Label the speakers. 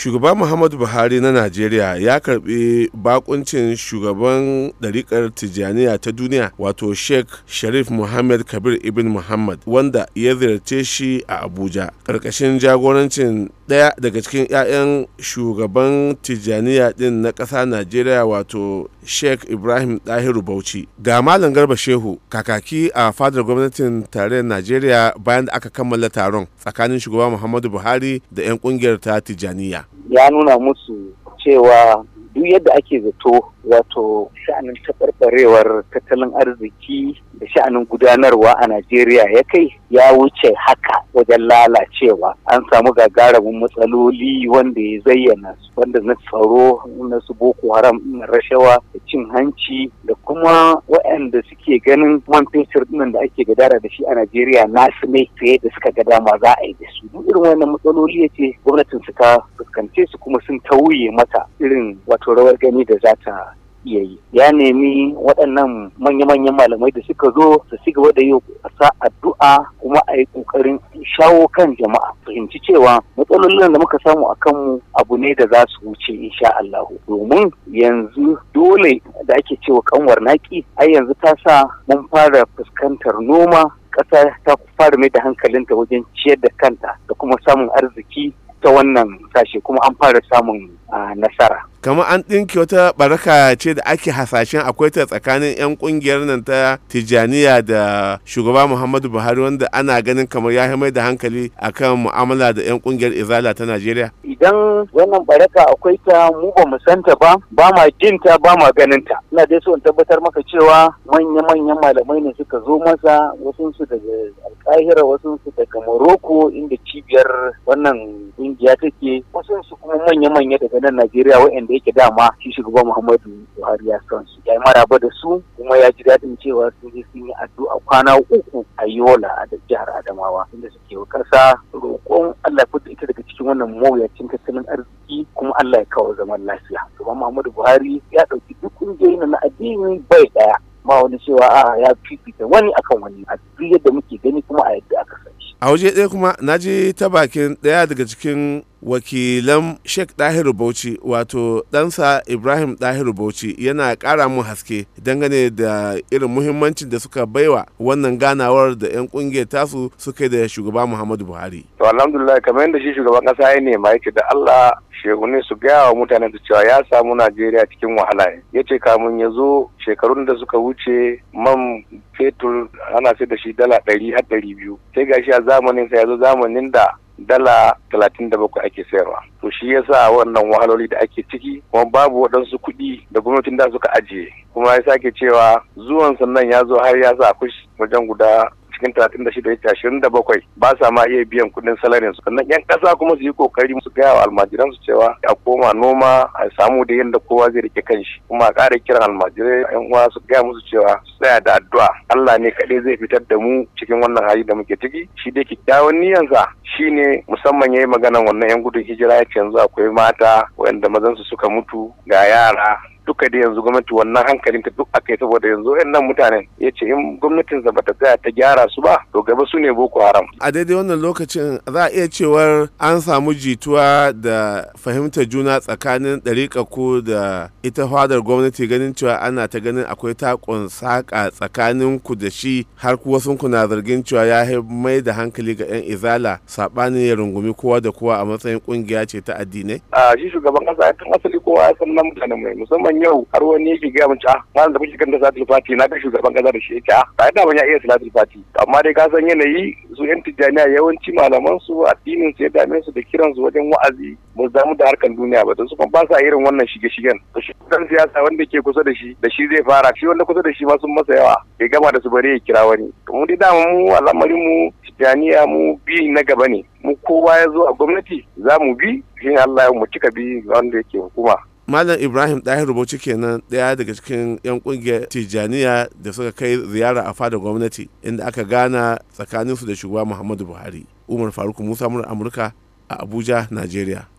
Speaker 1: shugaba muhammadu buhari na najeriya ya karbi bakuncin shugaban dariƙar tijjaniya ta duniya wato sheikh sharif muhammad kabir ibn muhammad wanda ya ziyarce shi a abuja ƙarƙashin jagorancin ɗaya daga cikin 'ya'yan shugaban tijjaniya ɗin na ƙasa najeriya wato sheikh ibrahim dahiru bauchi ga malam garba shehu kakaki a fadar gwamnatin tarayyar najeriya bayan da aka kammala taron tsakanin shugaba muhammadu buhari da 'yan kungiyar ta tijaniya
Speaker 2: ya nuna musu cewa duk yadda ake zato wato sha'anin taɓarɓarewar tattalin arziki da sha'anin gudanarwa a Najeriya ya kai ya wuce haka wajen lalacewa an samu gagarumin matsaloli wanda ya zayyana su wanda na tsaro na su boko haram na rashawa da cin hanci da kuma waɗanda suke ganin man fetur ɗin da ake gadara da shi a Najeriya na su ne fiye da suka ga dama za a yi da su duk irin wannan matsaloli ya ce gwamnatin suka fuskance su kuma sun tauye mata irin wato rawar gani da za ta iya yi ya nemi waɗannan manya-manyan malamai da suka zo su ci gaba da yi sa addu'a kuma a yi ƙoƙarin shawo kan jama'a fahimci cewa matsalolin da muka samu a kanmu abu ne da za su wuce insha Allahu domin
Speaker 3: yanzu
Speaker 2: dole da ake cewa kanwar naki ai yanzu ta sa mun fara fuskantar noma ƙasa ta fara mai da hankalinta wajen ciyar da kanta da kuma samun arziki ta wannan sashe kuma an fara samun ah, nasara
Speaker 1: kamar an ɗinki wata baraka ce da ake hasashen akwai ta tsakanin 'yan ƙungiyar nan ta tijjaniya da shugaba muhammadu buhari wanda ana ganin kamar ya mai da hankali akan mu'amala da 'yan kungiyar izala ta najeriya idan
Speaker 2: wannan baraka akwai ta mu ba mu santa ba ba ma jin ta ba ma ganin ta ina dai so in tabbatar maka cewa manya manyan malamai ne suka zo masa wasu su daga alkahira wasu su daga morocco inda cibiyar wannan ƙungiya take wasu su kuma manya manya daga nan najeriya wa'anda da yake dama shi shugaban Muhammadu Buhari ya san su ya yi maraba da su kuma ya ji dadin cewa sun je sun yi addu'a kwana uku a Yola a jihar Adamawa inda suke wa ƙasa roƙon Allah fita ita daga cikin wannan mawuyacin tattalin arziki kuma Allah ya kawo zaman lafiya. kuma Muhammadu Buhari ya ɗauki duk kungiyoyi na addini bai ɗaya ba wani cewa a ya fifita wani akan wani a duk yadda muke gani kuma a yadda aka
Speaker 1: san shi. A waje ɗaya kuma na ji ta bakin ɗaya daga cikin wakilan sheikh ɗahiru bauchi wato ɗansa ibrahim ɗahiru bauchi yana ƙara mun haske dangane da irin muhimmancin da suka baiwa wannan ganawar da 'yan ƙungiyar tasu suka da shugaba muhammadu buhari
Speaker 3: to alhamdulillah kamar yadda shi shugaban ƙasa ya nema yake da allah ne su gaya wa mutane da cewa ya samu najeriya cikin wahala ya ce kamun ya zo shekarun da suka wuce man fetur ana sai da shi dala ɗari har ɗari biyu sai gashi a zamanin sa ya zo zamanin da dala talatin da bakwai ake sayarwa to shi yasa wannan wahaloli da ake ciki kuma babu waɗansu kuɗi da gwamnatin da suka ajiye kuma ya sake cewa zuwan sannan ya zo har ya sa kush wajen guda cikin talatin da shida ya da bakwai ba sa ma iya biyan kuɗin salarin su sannan yan ƙasa kuma su yi ƙoƙari su gaya wa almajiran su cewa a koma noma a samu da yadda kowa zai rike kanshi kuma a ƙara kiran almajirai yan uwa su gaya musu cewa su tsaya da addu'a Allah ne kaɗai zai fitar da mu cikin wannan hali da muke ciki shi dai kyakkyawan niyansa shine musamman ya yi maganan wannan yan gudun hijira ya ce yanzu akwai mata wanda mazansu suka mutu ga yara duka da yanzu gwamnati wannan hankalin ta duk akai saboda yanzu nan mutanen ya ce in gwamnatin sa bata tsaya ta gyara su ba to gaba su ne
Speaker 1: boko haram a daidai wannan lokacin za a iya cewar an samu jituwa da fahimtar juna tsakanin ɗariƙa ko da ita fadar gwamnati ganin cewa ana ta ganin akwai takon saƙa tsakanin ku da shi har kuwa sun kuna zargin cewa ya mai da hankali ga 'yan izala saɓanin ya rungumi kowa da kowa a matsayin ƙungiya ce ta addinai.
Speaker 3: a shi shugaban ƙasa ya asali kowa ya san na mutane mai musamman yau har wani yake gaya mace ah malam da kuke kan da fati na ga shugaban kasa da shi yake ah ba da ban ya iya salatul fati amma dai ka san yanayi su yan tijaniya yawanci malaman su addinin su ya dame su da kiran su wajen wa'azi ba su da harkan duniya ba don su ba sa irin wannan shige-shigen to shi kan siyasa wanda ke kusa da shi da shi zai fara shi wanda kusa da shi ma sun masa yawa ya gama da su bare ya kira wani mu dai dama mu al'amarin mu tijaniya mu bi na gaba ne mu kowa ya zo a gwamnati za mu bi shi Allah ya mu cika bi wanda yake hukuma
Speaker 1: malam ibrahim ɗahir rubuci kenan ɗaya daga cikin 'yan ƙungiyar tijjaniya da suka kai ziyara a fada gwamnati inda aka gana tsakaninsu da shugaba muhammadu buhari umar faruk musa mura amurka a abuja nigeria